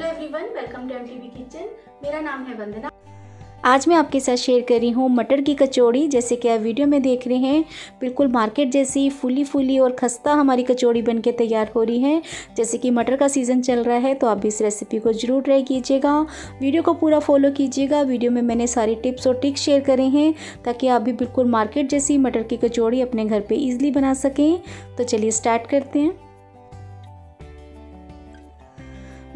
hello everyone welcome to MTV kitchen मेरा नाम है वंदना आज मैं आपके साथ शेयर कर रही हूँ मटर की कचौड़ी जैसे कि आप वीडियो में देख रहे हैं बिल्कुल मार्केट जैसी फुली फूली और खस्ता हमारी कचौड़ी बनके तैयार हो रही है जैसे कि मटर का सीज़न चल रहा है तो आप इस रेसिपी को ज़रूर ट्राई कीजिएगा वीडियो को पूरा फॉलो कीजिएगा वीडियो में मैंने सारी टिप्स और ट्रिक्स शेयर करे हैं ताकि आप भी बिल्कुल मार्केट जैसी मटर की कचौड़ी अपने घर पर ईजिली बना सकें तो चलिए स्टार्ट करते हैं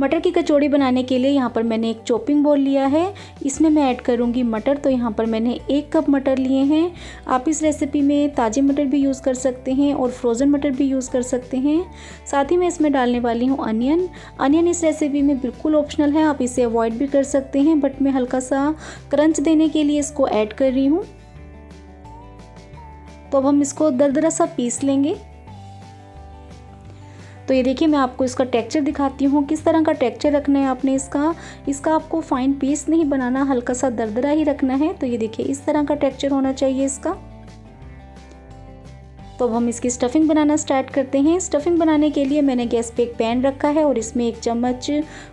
मटर की कचौड़ी बनाने के लिए यहाँ पर मैंने एक चॉपिंग बोल लिया है इसमें मैं ऐड करूँगी मटर तो यहाँ पर मैंने एक कप मटर लिए हैं आप इस रेसिपी में ताज़े मटर भी यूज़ कर सकते हैं और फ्रोज़न मटर भी यूज़ कर सकते हैं साथ ही मैं इसमें डालने वाली हूँ अनियन अनियन इस रेसिपी में बिल्कुल ऑप्शनल है आप इसे अवॉइड भी कर सकते हैं बट मैं हल्का सा क्रंच देने के लिए इसको ऐड कर रही हूँ तो अब हम इसको दरदरा सा पीस लेंगे तो ये देखिए मैं आपको इसका टेक्चर दिखाती हूँ किस तरह का टेक्चर रखना है आपने इसका इसका आपको फाइन पेस्ट नहीं बनाना हल्का सा दरदरा ही रखना है तो ये देखिए इस तरह का टेक्चर होना चाहिए इसका तो अब हम इसकी स्टफिंग बनाना स्टार्ट करते हैं स्टफिंग बनाने के लिए मैंने गैस पे एक पैन रखा है और इसमें एक चम्मच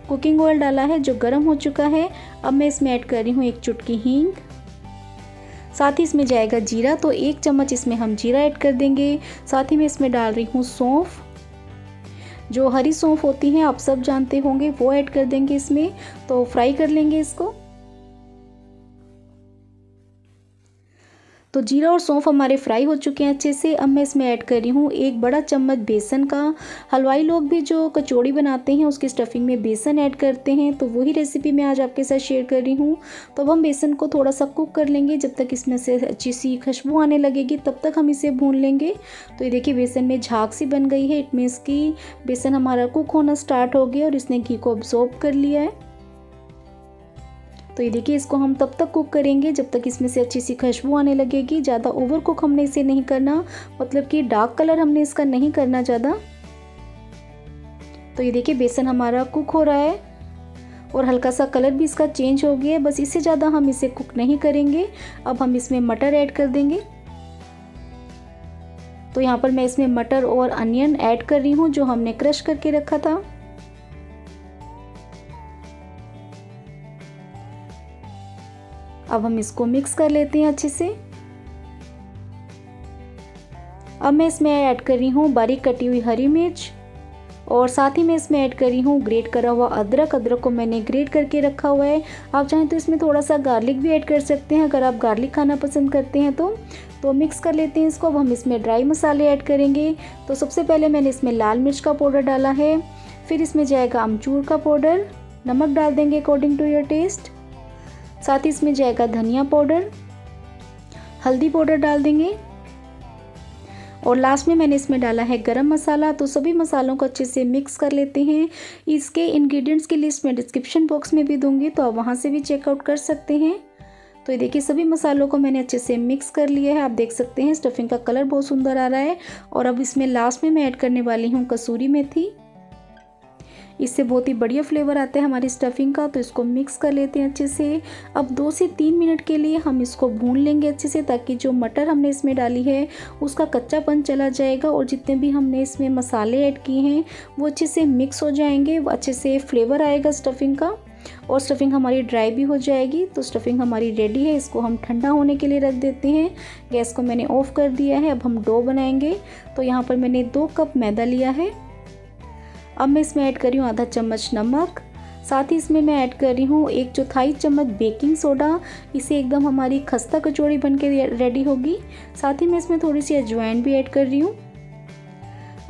कुकिंग ऑयल डाला है जो गर्म हो चुका है अब मैं इसमें ऐड कर रही हूँ एक चुटकी हींग साथ ही इसमें जाएगा जीरा तो एक चम्मच इसमें हम जीरा ऐड कर देंगे साथ ही मैं इसमें डाल रही हूँ सौंफ जो हरी सौंफ होती हैं आप सब जानते होंगे वो ऐड कर देंगे इसमें तो फ्राई कर लेंगे इसको तो जीरा और सौंफ हमारे फ्राई हो चुके हैं अच्छे से अब मैं इसमें ऐड कर रही हूँ एक बड़ा चम्मच बेसन का हलवाई लोग भी जो कचौड़ी बनाते हैं उसकी स्टफिंग में बेसन ऐड करते हैं तो वही रेसिपी मैं आज आपके साथ शेयर कर रही हूँ तो अब हम बेसन को थोड़ा सा कुक कर लेंगे जब तक इसमें से अच्छी सी खुशबू आने लगेगी तब तक हम इसे भून लेंगे तो ये देखिए बेसन में झाक सी बन गई है इट मीन्स कि बेसन हमारा कुक होना स्टार्ट हो गया और इसने घी को अब्जॉर्ब कर लिया है तो ये देखिए इसको हम तब तक कुक करेंगे जब तक इसमें से अच्छी सी खुशबू आने लगेगी ज़्यादा ओवर कुक हमने इसे नहीं करना मतलब कि डार्क कलर हमने इसका नहीं करना ज़्यादा तो ये देखिए बेसन हमारा कुक हो रहा है और हल्का सा कलर भी इसका चेंज हो गया है बस इससे ज़्यादा हम इसे कुक नहीं करेंगे अब हम इसमें मटर ऐड कर देंगे तो यहाँ पर मैं इसमें मटर और अनियन ऐड कर रही हूँ जो हमने क्रश करके रखा था अब हम इसको मिक्स कर लेते हैं अच्छे से अब मैं इसमें ऐड कर रही हूँ बारीक कटी हुई हरी मिर्च और साथ ही मैं इसमें ऐड कर रही हूँ ग्रेट करा हुआ अदरक अदरक को मैंने ग्रेट करके रखा हुआ है आप चाहें तो इसमें थोड़ा सा गार्लिक भी ऐड कर सकते हैं अगर आप गार्लिक खाना पसंद करते हैं तो तो मिक्स कर लेते हैं इसको अब हम इसमें ड्राई मसाले ऐड करेंगे तो सबसे पहले मैंने इसमें लाल मिर्च का पाउडर डाला है फिर इसमें जाएगा अमचूर का पाउडर नमक डाल देंगे अकॉर्डिंग टू योर टेस्ट साथ ही इसमें जाएगा धनिया पाउडर हल्दी पाउडर डाल देंगे और लास्ट में मैंने इसमें डाला है गरम मसाला तो सभी मसालों को अच्छे से मिक्स कर लेते हैं इसके इंग्रेडिएंट्स की लिस्ट मैं डिस्क्रिप्शन बॉक्स में भी दूंगी तो आप वहाँ से भी चेकआउट कर सकते हैं तो ये देखिए सभी मसालों को मैंने अच्छे से मिक्स कर लिया है आप देख सकते हैं स्टफिंग का कलर बहुत सुंदर आ रहा है और अब इसमें लास्ट में मैं ऐड करने वाली हूँ कसूरी मेथी इससे बहुत ही बढ़िया फ्लेवर आता है हमारी स्टफिंग का तो इसको मिक्स कर लेते हैं अच्छे से अब दो से तीन मिनट के लिए हम इसको भून लेंगे अच्छे से ताकि जो मटर हमने इसमें डाली है उसका कच्चापन चला जाएगा और जितने भी हमने इसमें मसाले ऐड किए हैं वो अच्छे से मिक्स हो जाएंगे अच्छे से फ्लेवर आएगा स्टफिंग का और स्टफिंग हमारी ड्राई भी हो जाएगी तो स्टफिंग हमारी रेडी है इसको हम ठंडा होने के लिए रख देते हैं गैस को मैंने ऑफ़ कर दिया है अब हम डो बनाएंगे तो यहाँ पर मैंने दो कप मैदा लिया है अब मैं इसमें ऐड कर रही हूँ आधा चम्मच नमक साथ ही इसमें मैं ऐड कर रही हूँ एक चौथाई चम्मच बेकिंग सोडा इसे एकदम हमारी खस्ता कचौड़ी बन के रेडी होगी साथ ही मैं इसमें थोड़ी सी अजवाइन भी ऐड कर रही हूँ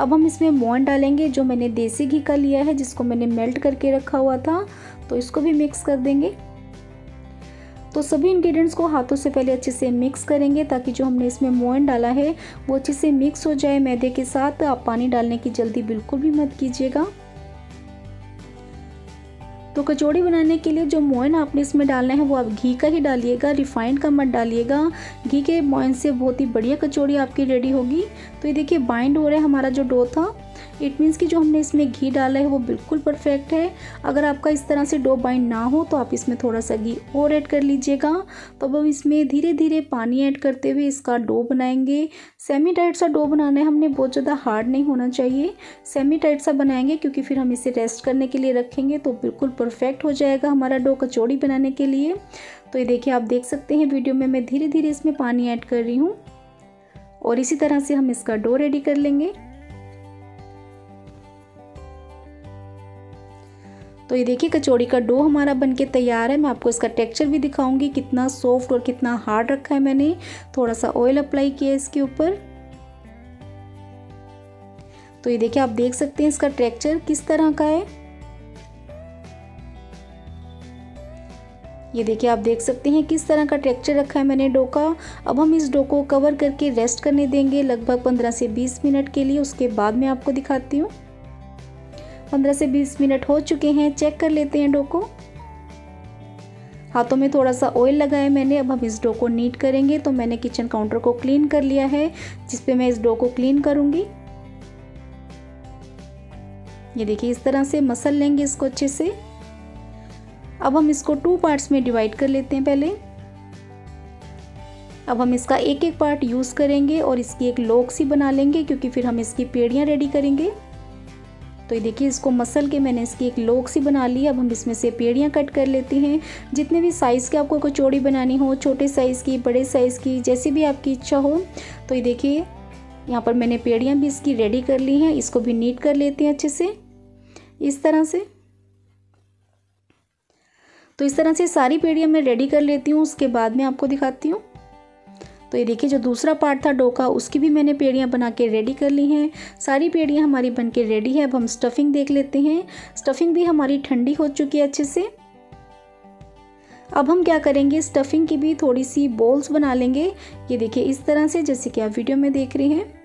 अब हम इसमें मोहन डालेंगे जो मैंने देसी घी का लिया है जिसको मैंने मेल्ट करके रखा हुआ था तो इसको भी मिक्स कर देंगे तो सभी इंग्रेडिएंट्स को हाथों से पहले अच्छे से मिक्स करेंगे ताकि जो हमने इसमें मोइन डाला है वो अच्छे से मिक्स हो जाए मैदे के साथ आप पानी डालने की जल्दी बिल्कुल भी मत कीजिएगा तो कचौड़ी बनाने के लिए जो मोइन आपने इसमें डालना है वो आप घी का ही डालिएगा रिफाइंड का मत डालिएगा घी के मोइन से बहुत ही बढ़िया कचौड़ी आपकी रेडी होगी तो ये देखिए बाइंड हो रहा है हमारा जो डो था इट मीन्स कि जो हमने इसमें घी डाला है वो बिल्कुल परफेक्ट है अगर आपका इस तरह से डो बाइंड ना हो तो आप इसमें थोड़ा सा घी और ऐड कर लीजिएगा तो अब हम इसमें धीरे धीरे पानी ऐड करते हुए इसका डो बनाएंगे सेमी टाइट सा डो बनाना है हमने बहुत ज़्यादा हार्ड नहीं होना चाहिए सेमी टाइट सा बनाएंगे क्योंकि फिर हम इसे रेस्ट करने के लिए रखेंगे तो बिल्कुल परफेक्ट हो जाएगा हमारा डो कचौड़ी बनाने के लिए तो ये देखिए आप देख सकते हैं वीडियो में मैं धीरे धीरे इसमें पानी ऐड कर रही हूँ और इसी तरह से हम इसका डो रेडी कर लेंगे तो ये देखिए कचौड़ी का डो हमारा बनके तैयार है मैं आपको इसका टेक्सचर भी दिखाऊंगी कितना सॉफ्ट और कितना हार्ड रखा है मैंने थोड़ा सा ऑयल अप्लाई किया है इसके ऊपर तो ये देखिए आप देख सकते हैं इसका टेक्सचर किस तरह का है ये देखिए आप देख सकते हैं किस तरह का टेक्सचर रखा है मैंने डो का अब हम इस डो को कवर करके रेस्ट करने देंगे लगभग 15 से 20 मिनट के लिए उसके बाद मैं आपको दिखाती हूँ पंद्रह से बीस मिनट हो चुके हैं चेक कर लेते हैं डो को हाथों में थोड़ा सा ऑयल लगाया मैंने अब हम इस डो को नीट करेंगे तो मैंने किचन काउंटर को क्लीन कर लिया है जिसपे मैं इस डो को क्लीन करूँगी ये देखिए इस तरह से मसल लेंगे इसको अच्छे से अब हम इसको टू पार्ट्स में डिवाइड कर लेते हैं पहले अब हम इसका एक एक पार्ट यूज़ करेंगे और इसकी एक लोक सी बना लेंगे क्योंकि फिर हम इसकी पेड़ियाँ रेडी करेंगे तो ये देखिए इसको मसल के मैंने इसकी एक लोक सी बना ली अब हम इसमें से पेड़ियाँ कट कर लेते हैं जितने भी साइज़ के आपको कचौड़ी बनानी हो छोटे साइज़ की बड़े साइज़ की जैसी भी आपकी इच्छा हो तो ये देखिए यहाँ पर मैंने पेड़ियाँ भी इसकी रेडी कर ली हैं इसको भी नीट कर लेते हैं अच्छे से इस तरह से तो इस तरह से सारी पेड़ियाँ मैं रेडी कर लेती हूँ उसके बाद में आपको दिखाती हूँ तो ये देखिए जो दूसरा पार्ट था डो का उसकी भी मैंने पेड़ियाँ बना के रेडी कर ली हैं सारी पेड़ियाँ हमारी बन के रेडी है अब हम स्टफिंग देख लेते हैं स्टफिंग भी हमारी ठंडी हो चुकी है अच्छे से अब हम क्या करेंगे स्टफिंग की भी थोड़ी सी बॉल्स बना लेंगे ये देखिए इस तरह से जैसे कि आप वीडियो में देख रहे हैं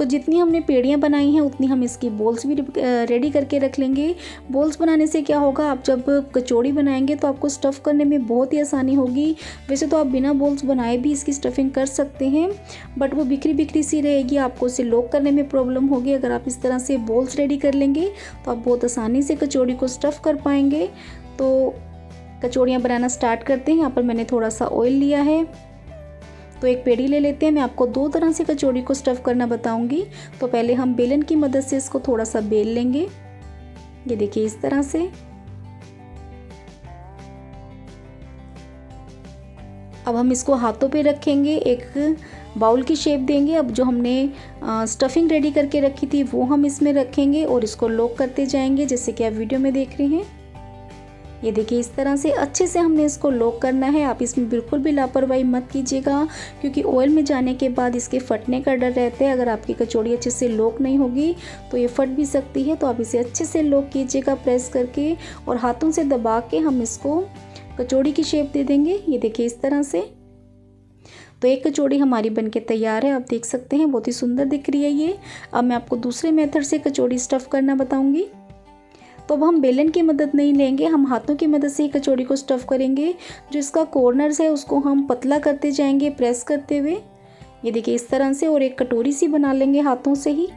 तो जितनी हमने पेड़ियाँ बनाई हैं उतनी हम इसकी बोल्स भी रेडी करके रख लेंगे बोल्स बनाने से क्या होगा आप जब कचौड़ी बनाएंगे तो आपको स्टफ़ करने में बहुत ही आसानी होगी वैसे तो आप बिना बोल्स बनाए भी इसकी स्टफिंग कर सकते हैं बट वो बिखरी बिखरी सी रहेगी आपको उसे लॉक करने में प्रॉब्लम होगी अगर आप इस तरह से बोल्स रेडी कर लेंगे तो आप बहुत आसानी से कचौड़ी को स्टफ़ कर पाएंगे तो कचौड़ियाँ बनाना स्टार्ट करते हैं यहाँ पर मैंने थोड़ा सा ऑयल लिया है तो एक पेड़ी ले लेते हैं मैं आपको दो तरह से कचौड़ी को स्टफ़ करना बताऊंगी तो पहले हम बेलन की मदद से इसको थोड़ा सा बेल लेंगे ये देखिए इस तरह से अब हम इसको हाथों पे रखेंगे एक बाउल की शेप देंगे अब जो हमने स्टफिंग रेडी करके रखी थी वो हम इसमें रखेंगे और इसको लॉक करते जाएंगे जैसे कि आप वीडियो में देख रहे हैं ये देखिए इस तरह से अच्छे से हमने इसको लॉक करना है आप इसमें बिल्कुल भी लापरवाही मत कीजिएगा क्योंकि ऑयल में जाने के बाद इसके फटने का डर रहता है अगर आपकी कचौड़ी अच्छे से लॉक नहीं होगी तो ये फट भी सकती है तो आप इसे अच्छे से लॉक कीजिएगा प्रेस करके और हाथों से दबा के हम इसको कचौड़ी की शेप दे देंगे ये देखिए इस तरह से तो एक कचौड़ी हमारी बनके तैयार है आप देख सकते हैं बहुत ही सुंदर दिख रही है ये अब मैं आपको दूसरे मेथड से कचौड़ी स्टफ़ करना बताऊंगी तो अब हम बेलन की मदद नहीं लेंगे हम हाथों की मदद से ही कचौड़ी को स्टफ़ करेंगे जो इसका कॉर्नर्स है उसको हम पतला करते जाएंगे प्रेस करते हुए ये देखिए इस तरह से और एक कटोरी सी बना लेंगे हाथों से ही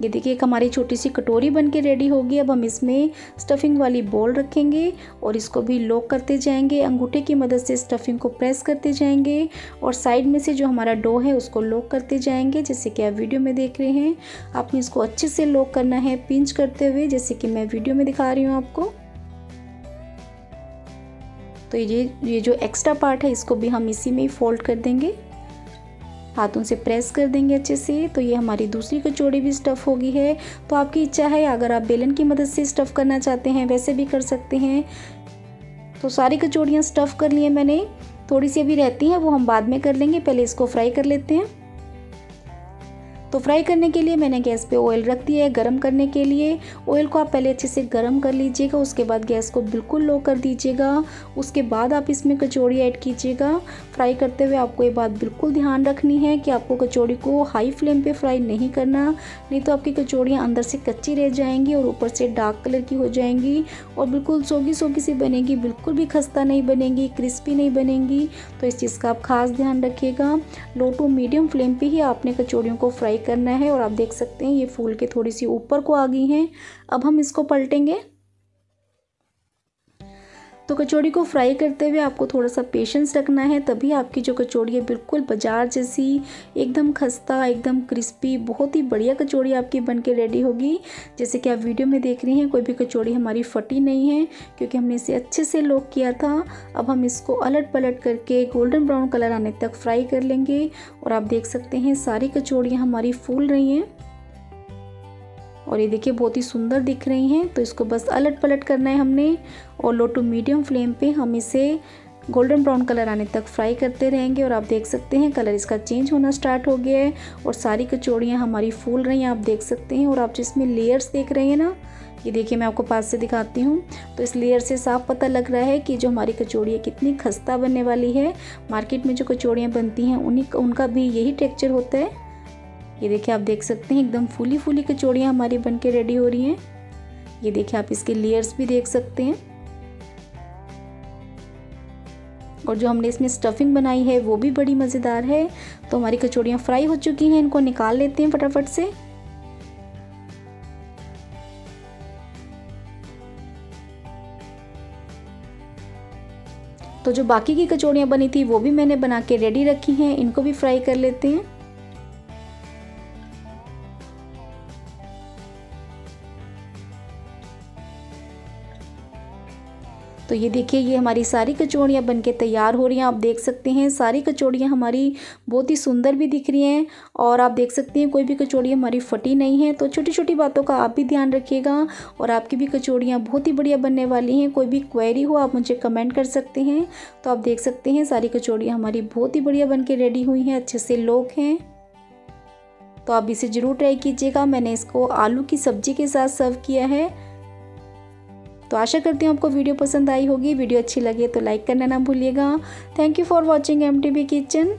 ये देखिए एक हमारी छोटी सी कटोरी बन के रेडी होगी अब हम इसमें स्टफिंग वाली बॉल रखेंगे और इसको भी लॉक करते जाएंगे अंगूठे की मदद से स्टफिंग को प्रेस करते जाएंगे और साइड में से जो हमारा डो है उसको लॉक करते जाएंगे जैसे कि आप वीडियो में देख रहे हैं आपने इसको अच्छे से लॉक करना है पिंच करते हुए जैसे कि मैं वीडियो में दिखा रही हूँ आपको तो ये ये जो एक्स्ट्रा पार्ट है इसको भी हम इसी में ही फोल्ड कर देंगे हाथों से प्रेस कर देंगे अच्छे से तो ये हमारी दूसरी कचौड़ी भी स्टफ़ होगी है तो आपकी इच्छा है अगर आप बेलन की मदद से स्टफ़ करना चाहते हैं वैसे भी कर सकते हैं तो सारी कचौड़ियाँ स्टफ़ कर लिए मैंने थोड़ी सी अभी रहती हैं वो हम बाद में कर लेंगे पहले इसको फ्राई कर लेते हैं तो फ्राई करने के लिए मैंने गैस पे ऑयल रख दिया है गर्म करने के लिए ऑयल को आप पहले अच्छे से गर्म कर लीजिएगा उसके बाद गैस को बिल्कुल लो कर दीजिएगा उसके बाद आप इसमें कचौड़ी ऐड कीजिएगा फ्राई करते हुए आपको ये बात बिल्कुल ध्यान रखनी है कि आपको कचौड़ी को हाई फ्लेम पर फ्राई नहीं करना नहीं तो आपकी कचौड़ियाँ अंदर से कच्ची रह जाएंगी और ऊपर से डार्क कलर की हो जाएंगी और बिल्कुल सोगी सोगी सी बनेगी बिल्कुल भी खस्ता नहीं बनेगी क्रिस्पी नहीं बनेगी तो इस चीज़ का आप खास ध्यान रखिएगा लो टू मीडियम फ्लेम पे ही आपने कचौड़ियों को फ्राई करना है और आप देख सकते हैं ये फूल के थोड़ी सी ऊपर को आ गई हैं अब हम इसको पलटेंगे तो कचौड़ी को फ्राई करते हुए आपको थोड़ा सा पेशेंस रखना है तभी आपकी जो कचौड़ी है बिल्कुल बाजार जैसी एकदम खस्ता एकदम क्रिस्पी बहुत ही बढ़िया कचौड़ी आपकी बन के रेडी होगी जैसे कि आप वीडियो में देख रही हैं कोई भी कचौड़ी हमारी फटी नहीं है क्योंकि हमने इसे अच्छे से लोक किया था अब हम इसको अलट पलट करके गोल्डन ब्राउन कलर आने तक फ्राई कर लेंगे और आप देख सकते हैं सारी कचौड़ियाँ हमारी फूल रही हैं और ये देखिए बहुत ही सुंदर दिख रही हैं तो इसको बस अलट पलट करना है हमने और लो टू मीडियम फ्लेम पे हम इसे गोल्डन ब्राउन कलर आने तक फ्राई करते रहेंगे और आप देख सकते हैं कलर इसका चेंज होना स्टार्ट हो गया है और सारी कचौड़ियाँ हमारी फूल रही हैं आप देख सकते हैं और आप जिसमें लेयर्स देख रहे हैं ना ये देखिए मैं आपको पास से दिखाती हूँ तो इस लेयर से साफ पता लग रहा है कि जो हमारी कचौड़ियाँ कितनी खस्ता बनने वाली है मार्केट में जो कचौड़ियाँ बनती हैं उन्हीं उनका भी यही टेक्चर होता है ये देखिए आप देख सकते हैं एकदम फूली फूली कचौड़ियाँ हमारी बन के रेडी हो रही हैं ये देखिए आप इसके लेयर्स भी देख सकते हैं और जो हमने इसमें स्टफिंग बनाई है वो भी बड़ी मज़ेदार है तो हमारी कचौड़ियाँ फ्राई हो चुकी हैं इनको निकाल लेते हैं फटाफट से तो जो बाकी की कचौड़ियाँ बनी थी वो भी मैंने बना के रेडी रखी हैं इनको भी फ्राई कर लेते हैं तो ये देखिए ये हमारी सारी कचौड़ियाँ बनके तैयार हो रही हैं आप देख सकते हैं सारी कचौड़ियाँ हमारी बहुत ही सुंदर भी दिख रही हैं और आप देख सकते हैं कोई भी कचौड़ी हमारी फटी नहीं है तो छोटी छोटी बातों का आप भी ध्यान रखिएगा और आपकी भी कचौड़ियाँ बहुत ही बढ़िया बनने वाली हैं कोई भी क्वेरी हो आप मुझे कमेंट कर सकते हैं तो आप देख सकते हैं सारी कचौड़ियाँ हमारी बहुत ही बढ़िया बन के रेडी हुई हैं अच्छे से लोक हैं तो आप इसे ज़रूर ट्राई कीजिएगा मैंने इसको आलू की सब्ज़ी के साथ सर्व किया है तो आशा करती हूँ आपको वीडियो पसंद आई होगी वीडियो अच्छी लगे तो लाइक करना ना भूलिएगा thank you for watching M kitchen